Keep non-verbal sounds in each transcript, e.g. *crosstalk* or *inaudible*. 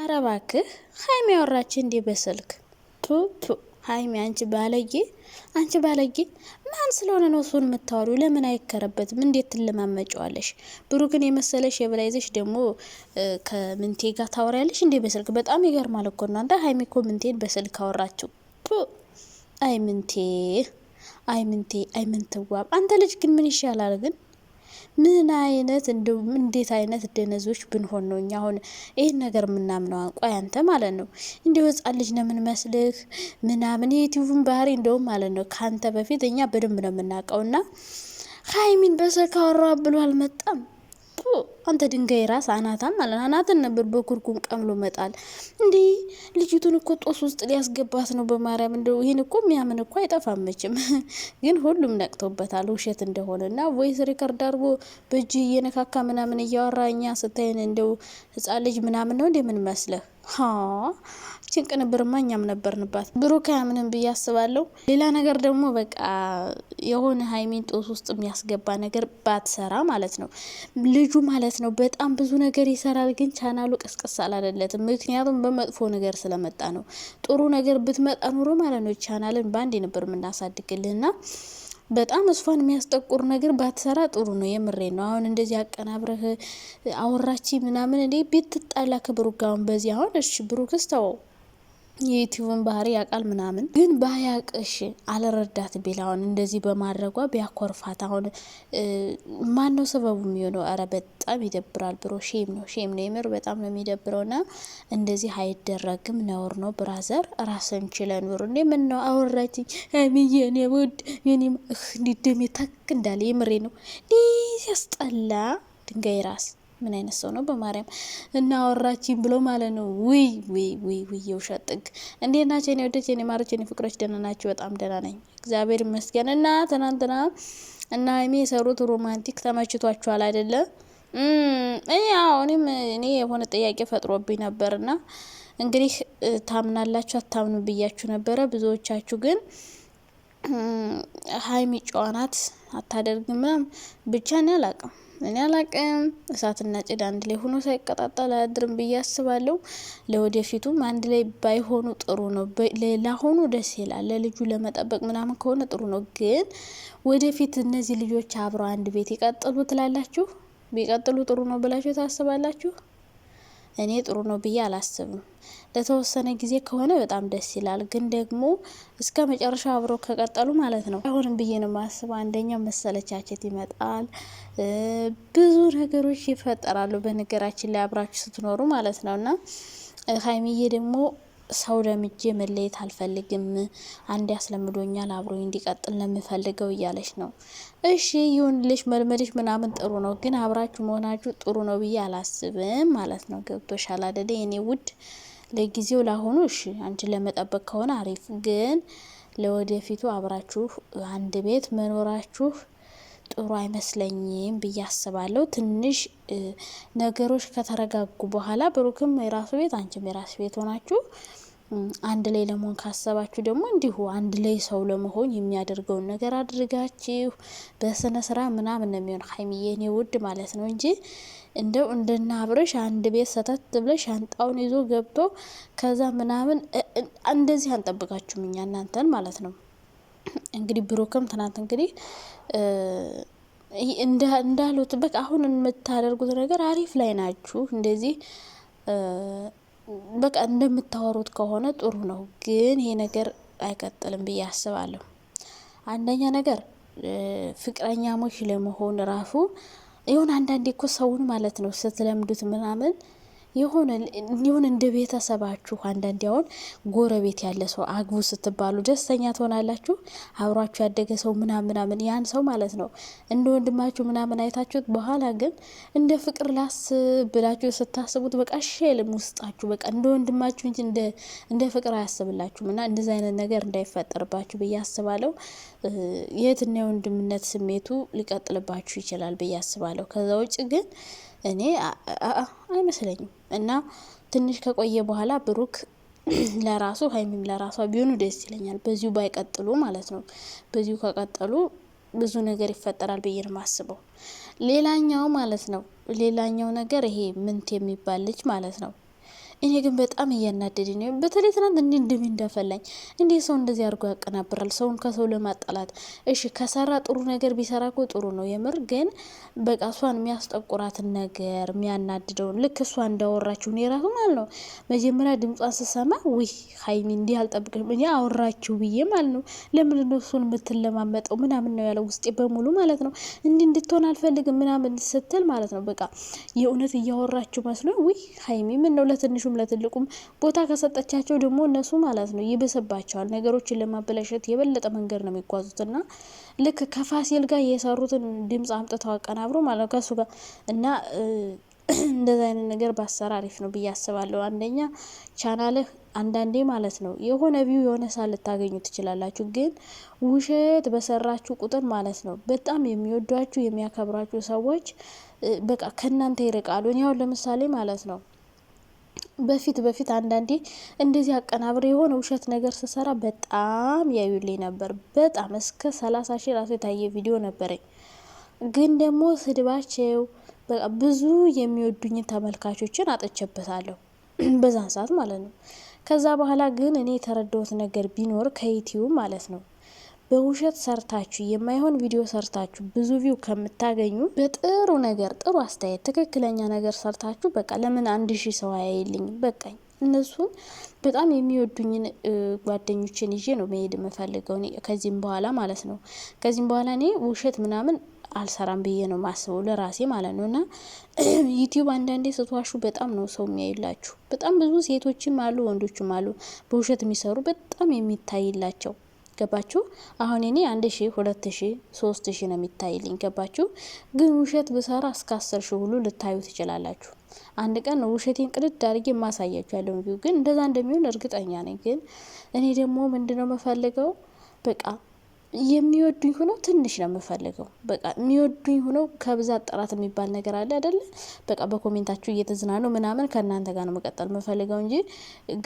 ኧረ እባክህ ሀይሚ ያወራች እንዴ በስልክ ቱ ቱ ሀይሚ አንቺ ባለጌ አንቺ ባለጌ ማን ስለሆነ ነው እሱን የምታወሪው? ለምን አይከረበትም? እንዴት ብሩ ብሩክን የመሰለሽ የብላይዘሽ ደግሞ ከምንቴ ጋር ታወሪያለሽ እንዴ በስልክ በጣም ይገርማል እኮ እናንተ። ሀይሚ እኮ ምንቴን በስልክ አወራችው። አይ ምንቴ፣ አይ ምንቴ፣ አይ ምንትዋብ። አንተ ልጅ ግን ምን ይሻላል ግን ምን አይነት እንዴት አይነት ደነዞች ብንሆን ነው እኛ አሁን ይህን ነገር የምናምነው? አንቋይ አንተ ማለት ነው እንዲሁ ህጻን ልጅ ነው የምንመስልህ ምናምን የዩቲዩብን ባህሪ እንደውም ማለት ነው ከአንተ በፊት እኛ በደንብ ነው የምናውቀውና ሀይሚን በሰካራ ብሎ አልመጣም። እኮ አንተ ድንጋይ ራስ አናታም አለ አናትን ነበር በኩርኩም ቀምሎ መጣል። እንዲህ ልጅቱን እኮ ጦስ ውስጥ ሊያስገባት ነው። በማርያም እንደ ይህን እኮ የሚያምን እኮ አይጠፋም መቼም። *laughs* ግን ሁሉም ነቅቶበታል ውሸት እንደሆነ እና ቮይስ ሪከርድ አድርጎ በእጅ እየነካካ ምናምን እያወራ እኛ ስታይን እንደው ህጻን ልጅ ምናምን ነው እንደምን መስለህ ችን ቅንብርማ እኛም ነበርንባት። ብሩክ ምንም ብዬ አስባለሁ። ሌላ ነገር ደግሞ በቃ የሆነ ሀይሚን ጦስ ውስጥ የሚያስገባ ነገር ባትሰራ ማለት ነው። ልጁ ማለት ነው በጣም ብዙ ነገር ይሰራል፣ ግን ቻናሉ ቀስቀስ አላለለትም። ምክንያቱም በመጥፎ ነገር ስለመጣ ነው። ጥሩ ነገር ብትመጣ ኑሮ ማለት ነው ቻናልን በአንድ ነበር የምናሳድግልህና በጣም እሷን የሚያስጠቁር ነገር ባትሰራ ጥሩ ነው። የምሬ ነው። አሁን እንደዚህ አቀናብረህ አወራች ምናምን እንዴ ቤት ትጣላ ከብሩክ ጋር አሁን በዚህ አሁን እሺ ብሩክስ ተወው የዩቲዩብን ባህሪ ያውቃል ምናምን፣ ግን ባያቅሽ አለረዳት ቢላውን እንደዚህ በማድረጓ ቢያኮርፋት አሁን ማን ነው ሰበቡ የሚሆነው? ኧረ በጣም ይደብራል ብሮ ሼም ነው ሼም ነው የምር በጣም ነው የሚደብረው። ና እንደዚህ አይደረግም፣ ነውር ነው ብራዘር። ራስን ችለን ኑር። እንዴ ምን ነው አወራችኝ ሚየን እኔ ውድ ኔ እንዲደሜ ታክ እንዳለ የምሬ ነው። ዲ ያስጠላ ድንጋይ ራስ ምን አይነት ሰው ነው በማርያም እናወራችን ብሎ ማለት ነው። ውይ ውይ ውይ ውይ የውሸት ጥግ። እንዴት ናቸው የኔ ወደች የኔ ማሮች የኔ ፍቅሮች? ደህና ናቸው። በጣም ደህና ነኝ እግዚአብሔር ይመስገን። እና ትናንትና እና ሀይሚ የሰሩት ሮማንቲክ ተመችቷችኋል አይደለም? እኔም እኔ የሆነ ጥያቄ ፈጥሮብኝ ነበርና እንግዲህ ታምናላችሁ አታምኑ ብያችሁ ነበረ። ብዙዎቻችሁ ግን ሀይሚ ጨዋናት አታደርግም ብቻ እኔ አላቅም እኔ አላቅም። እሳትና ጭድ አንድ ላይ ሆኖ ሳይቀጣጠል አያድርም ብዬ አስባለሁ። ለወደፊቱም አንድ ላይ ባይሆኑ ጥሩ ነው። ሆኑ ደስ ይላል። ለልጁ ለመጠበቅ ምናምን ከሆነ ጥሩ ነው። ግን ወደፊት እነዚህ ልጆች አብረው አንድ ቤት ይቀጥሉ ትላላችሁ? ቢቀጥሉ ጥሩ ነው ብላችሁ ታስባላችሁ? እኔ ጥሩ ነው ብዬ አላስብም። ለተወሰነ ጊዜ ከሆነ በጣም ደስ ይላል፣ ግን ደግሞ እስከ መጨረሻ አብሮ ከቀጠሉ ማለት ነው አይሆንም ብዬ ነው ማስበ አንደኛ መሰለቻቸት ይመጣል፣ ብዙ ነገሮች ይፈጠራሉ። በነገራችን ላይ አብራችሁ ስትኖሩ ማለት ነው እና ሀይሚዬ ደግሞ ሰው ደምጄ መለየት አልፈልግም፣ አንድ ያስለምዶኛል አብሮ እንዲቀጥል ለምፈልገው እያለች ነው። እሺ ይሁንልሽ፣ መልመድሽ ምናምን ጥሩ ነው፣ ግን አብራችሁ መሆናችሁ ጥሩ ነው ብዬ አላስብም ማለት ነው። ገብቶሻል አደለ የኔ ውድ? ለጊዜው ላሆኑ እሺ፣ አንቺ ለመጠበቅ ከሆነ አሪፍ፣ ግን ለወደፊቱ አብራችሁ አንድ ቤት መኖራችሁ ጥሩ አይመስለኝም ብዬ አስባለሁ። ትንሽ ነገሮች ከተረጋጉ በኋላ ብሩክም የራሱ ቤት አንቺም የራሱ ቤት ሆናችሁ አንድ ላይ ለመሆን ካሰባችሁ ደግሞ እንዲሁ አንድ ላይ ሰው ለመሆን የሚያደርገውን ነገር አድርጋችሁ በስነ ስራ ምናምን ነው የሚሆን። ሀይሚዬ እኔ ውድ ማለት ነው እንጂ እንደው እንድናብርሽ አንድ ቤት ሰተት ብለ ሻንጣውን ይዞ ገብቶ ከዛ ምናምን እንደዚህ አንጠብቃችሁም እኛ እናንተን ማለት ነው። እንግዲህ ብሩክም ትናንት እንግዲህ እንዳሉት በቃ አሁን የምታደርጉት ነገር አሪፍ ላይ ናችሁ እንደዚህ በቃ እንደምታወሩት ከሆነ ጥሩ ነው፣ ግን ይሄ ነገር አይቀጥልም ብዬ አስባለሁ። አንደኛ ነገር ፍቅረኛሞች ለመሆን ራሱ ይሁን አንዳንዴ እኮ ሰውን ማለት ነው ስትለምዱት ምናምን የሆነ እንደ ቤተሰባችሁ አንዳንድ ያውን ጎረቤት ያለ ሰው አግቡ ስትባሉ ደስተኛ ትሆናላችሁ። አብሯችሁ ያደገ ሰው ምናምን ምናምን ያን ሰው ማለት ነው እንደ ወንድማችሁ ምናምን አይታችሁት፣ በኋላ ግን እንደ ፍቅር ላስ ብላችሁ ስታስቡት በቃ ሼልም ውስጣችሁ በቃ እንደ ወንድማችሁ እንጂ እንደ ፍቅር አያስብላችሁም። እና እንደዚ አይነት ነገር እንዳይፈጠርባችሁ ብዬ አስባለሁ። የትና የወንድምነት ስሜቱ ሊቀጥልባችሁ ይችላል ብዬ አስባለሁ። ከዛ ውጭ ግን እኔ አይመስለኝም። እና ትንሽ ከቆየ በኋላ ብሩክ *clears throat* ለራሱ ሀይሚም ለራሷ ቢሆኑ ደስ ይለኛል። በዚሁ ባይቀጥሉ ማለት ነው። በዚሁ ከቀጠሉ ብዙ ነገር ይፈጠራል ብዬ ነው የማስበው። ሌላኛው ማለት ነው ሌላኛው ነገር ይሄ ምንት የሚባል ልጅ ማለት ነው እኔ ግን በጣም እያናደደ ነው። በተለይ ትናንት እንዲ እንደሚ እንዳፈላኝ እንዴ! ሰው እንደዚህ አድርጎ ያቀናብራል ሰውን ከሰው ለማጣላት። እሺ ከሰራ ጥሩ ነገር ቢሰራ ኮ ጥሩ ነው። የምር ግን በቃ እሷን የሚያስጠቁራትን ነገር የሚያናድደውን ልክ እሷ እንዳወራችሁ ራሱ ማለት ነው። መጀመሪያ ድምጿን ስሰማ ውይ ሀይሚ እንዲህ አልጠብቅም እኔ አወራችሁ ብዬ ማለት ነው። ለምንድን ነው እሱን የምትለማመጠው ምናምን ነው ያለው ውስጤ በሙሉ ማለት ነው። እንዲህ እንድትሆን አልፈልግም ምናምን ስትል ማለት ነው። በቃ የእውነት እያወራችሁ መስሎ ውይ ሀይሚ ምን ነው ለትንሹ ለትንሹም ለትልቁም ቦታ ከሰጠቻቸው ደግሞ እነሱ ማለት ነው ይብስባቸዋል። ነገሮችን ለማበላሸት የበለጠ መንገድ ነው እና ልክ ከፋሲል ጋር የሰሩትን ድምፅ አምጥተው አቀናብሮ ማለት ነው ከሱ ጋር እና *clears throat* እንደዚ አይነት ነገር ባሰራ አሪፍ ነው ብዬ አስባለሁ። አንደኛ ቻናልህ አንዳንዴ ማለት ነው የሆነ ቪው የሆነ ሳ ልታገኙ ትችላላችሁ። ግን ውሸት በሰራችሁ ቁጥር ማለት ነው በጣም የሚወዷችሁ የሚያከብሯችሁ ሰዎች በቃ ከእናንተ ይርቃሉ። እኔ አሁን ለምሳሌ ማለት ነው በፊት በፊት አንዳንዴ እንደዚህ አቀናብሬ የሆነ ውሸት ነገር ስሰራ በጣም ያዩልኝ ነበር። በጣም እስከ ሰላሳ ሺህ ራሱ የታየ ቪዲዮ ነበረኝ። ግን ደግሞ ስድባቸው በቃ ብዙ የሚወዱኝን ተመልካቾችን አጥቼበታለሁ *clears throat* በዛን ሰዓት ማለት ነው። ከዛ በኋላ ግን እኔ የተረዳሁት ነገር ቢኖር ከዩቲዩብ ማለት ነው በውሸት ሰርታችሁ የማይሆን ቪዲዮ ሰርታችሁ ብዙ ቪው ከምታገኙ በጥሩ ነገር ጥሩ አስተያየት ትክክለኛ ነገር ሰርታችሁ በቃ ለምን አንድ ሺህ ሰው አያይልኝ በቃኝ። እነሱን በጣም የሚወዱኝን ጓደኞችን ይዤ ነው መሄድ የምፈልገው ከዚህም በኋላ ማለት ነው። ከዚህም በኋላ እኔ ውሸት ምናምን አልሰራም ብዬ ነው ማስበው ለራሴ ማለት ነው። እና *clears throat* ዩቲዩብ አንዳንዴ ስትዋሹ በጣም ነው ሰው የሚያይላችሁ። በጣም ብዙ ሴቶችም አሉ ወንዶችም አሉ በውሸት የሚሰሩ በጣም የሚታይላቸው ገባችሁ? አሁን እኔ አንድ ሺ ሁለት ሺ ሶስት ሺ ነው የሚታይልኝ። ገባችሁ? ግን ውሸት ብሰራ እስከ አስር ሺ ሁሉ ልታዩ ትችላላችሁ። አንድ ቀን ውሸቴን ቅድድ አድርጌ የማሳያችሁ ያለው ግን እንደዛ እንደሚሆን እርግጠኛ ነኝ። ግን እኔ ደግሞ ምንድነው የምፈልገው በቃ የሚወዱኝ ሆነው ትንሽ ነው የምፈልገው። በቃ የሚወዱኝ ሆነው ከብዛት ጥራት የሚባል ነገር አለ አይደለ? በቃ በኮሜንታችሁ እየተዝናኑ ምናምን ከእናንተ ጋር ነው መቀጠል የምፈልገው እንጂ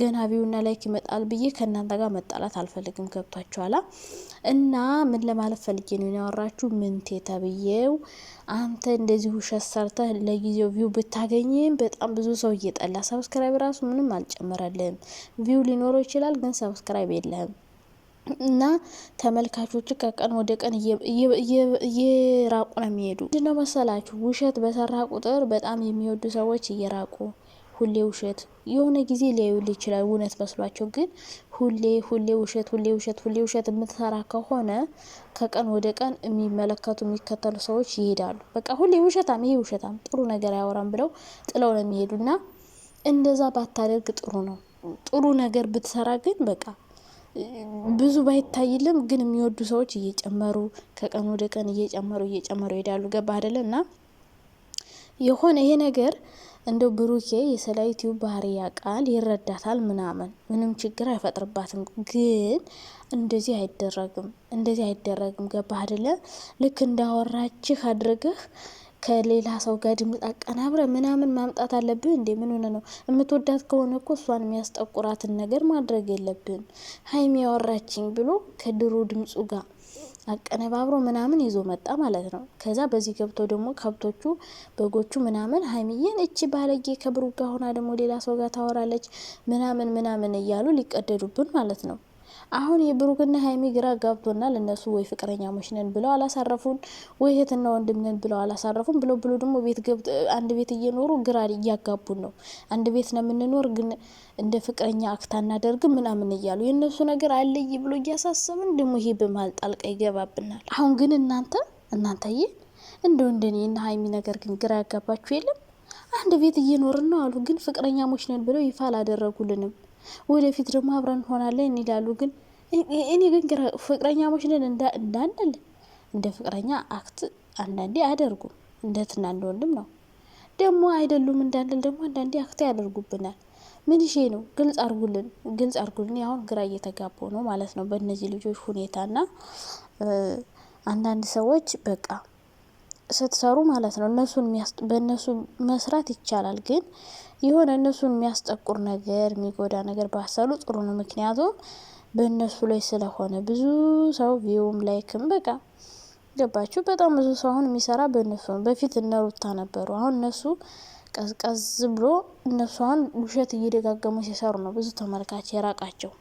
ገና ቪውና ላይክ ይመጣል ብዬ ከእናንተ ጋር መጣላት አልፈልግም። ገብቷችኋላ? እና ምን ለማለት ፈልጌ ነው ያወራችሁ ምንቴ ተብዬው፣ አንተ እንደዚህ ውሸት ሰርተህ ለጊዜው ቪው ብታገኝም በጣም ብዙ ሰው እየጠላ ሰብስክራይብ ራሱ ምንም አልጨመረልህም። ቪው ሊኖረው ይችላል፣ ግን ሰብስክራይብ የለህም። እና ተመልካቾች ከቀን ወደ ቀን እየራቁ ነው የሚሄዱ። ነው መሰላችሁ ውሸት በሰራ ቁጥር በጣም የሚወዱ ሰዎች እየራቁ ሁሌ ውሸት የሆነ ጊዜ ሊያዩል ይችላል እውነት መስሏቸው፣ ግን ሁሌ ሁሌ ውሸት ሁሌ ውሸት ሁሌ ውሸት የምትሰራ ከሆነ ከቀን ወደ ቀን የሚመለከቱ የሚከተሉ ሰዎች ይሄዳሉ። በቃ ሁሌ ውሸታም፣ ይሄ ውሸታም ጥሩ ነገር አያወራም ብለው ጥለው ነው የሚሄዱ እና እንደዛ ባታደርግ ጥሩ ነው። ጥሩ ነገር ብትሰራ ግን በቃ ብዙ ባይታይልም ግን የሚወዱ ሰዎች እየጨመሩ ከቀን ወደ ቀን እየጨመሩ እየጨመሩ ይሄዳሉ። ገባ አደለ? እና የሆነ ይሄ ነገር እንደው ብሩኬ የስለ ዩቲዩብ ቃል ይረዳታል፣ ምናምን ምንም ችግር አይፈጥርባትም። ግን እንደዚህ አይደረግም፣ እንደዚህ አይደረግም። ገባ አደለ? ልክ እንዳወራችህ አድርገህ ከሌላ ሰው ጋር ድምፅ አቀናብረ ምናምን ማምጣት አለብህ እንዴ? ምን ሆነ ነው? የምትወዳት ከሆነ እኮ እሷን የሚያስጠቁራትን ነገር ማድረግ የለብህም። ሀይሚ ያወራችኝ ብሎ ከድሮ ድምፁ ጋር አቀነባብሮ ምናምን ይዞ መጣ ማለት ነው። ከዛ በዚህ ገብቶ ደግሞ ከብቶቹ በጎቹ ምናምን ሀይሚዬን እቺ ባለጌ ከብሩ ጋር ሆና ደግሞ ሌላ ሰው ጋር ታወራለች ምናምን ምናምን እያሉ ሊቀደዱብን ማለት ነው። አሁን የብሩክና ሀይሚ ግራ ጋብቶናል። እነሱ ወይ ፍቅረኛሞች ነን ብለው አላሳረፉን፣ ወይ እህትና ወንድም ነን ብለው አላሳረፉን ብሎ ብሎ ደግሞ ቤት ገብቶ አንድ ቤት እየኖሩ ግራ እያጋቡን ነው። አንድ ቤት ነው የምንኖር ግን እንደ ፍቅረኛ አክታ እናደርግ ምናምን እያሉ የእነሱ ነገር አለይ ብሎ እያሳሰብን ደግሞ ይሄ በመሀል ጣልቃ ይገባብናል። አሁን ግን እናንተ እናንተዬ እንደው እንደኔ እና ሀይሚ ነገር ግን ግራ ያጋባችሁ የለም? አንድ ቤት እየኖርን ነው አሉ፣ ግን ፍቅረኛሞች ነን ብለው ይፋ አላደረጉልንም። ወደፊት ደግሞ አብረን እንሆናለን ይላሉ። ግን እኔ ግን ፍቅረኛ ነን እንዳንል እንደ ፍቅረኛ አክት አንዳንዴ አያደርጉም። እንደ እንደ ወንድም ነው ደግሞ አይደሉም እንዳንል ደግሞ አንዳንዴ አክት ያደርጉብናል። ምን ሼ ነው ግልጽ አርጉልን፣ ግልጽ አርጉልን። አሁን ግራ እየተጋባው ነው ማለት ነው በእነዚህ ልጆች ሁኔታና አንዳንድ ሰዎች በቃ ስትሰሩ ማለት ነው። እነሱን በእነሱ መስራት ይቻላል። ግን የሆነ እነሱን የሚያስጠቁር ነገር የሚጎዳ ነገር ባሰሉ ጥሩ ነው። ምክንያቱም በእነሱ ላይ ስለሆነ ብዙ ሰው ቪውም ላይክም በቃ ገባችሁ። በጣም ብዙ ሰው አሁን የሚሰራ በእነሱ ነው። በፊት እነሩታ ነበሩ። አሁን እነሱ ቀዝቀዝ ብሎ እነሱ አሁን ውሸት እየደጋገሙ ሲሰሩ ነው ብዙ ተመልካች የራቃቸው።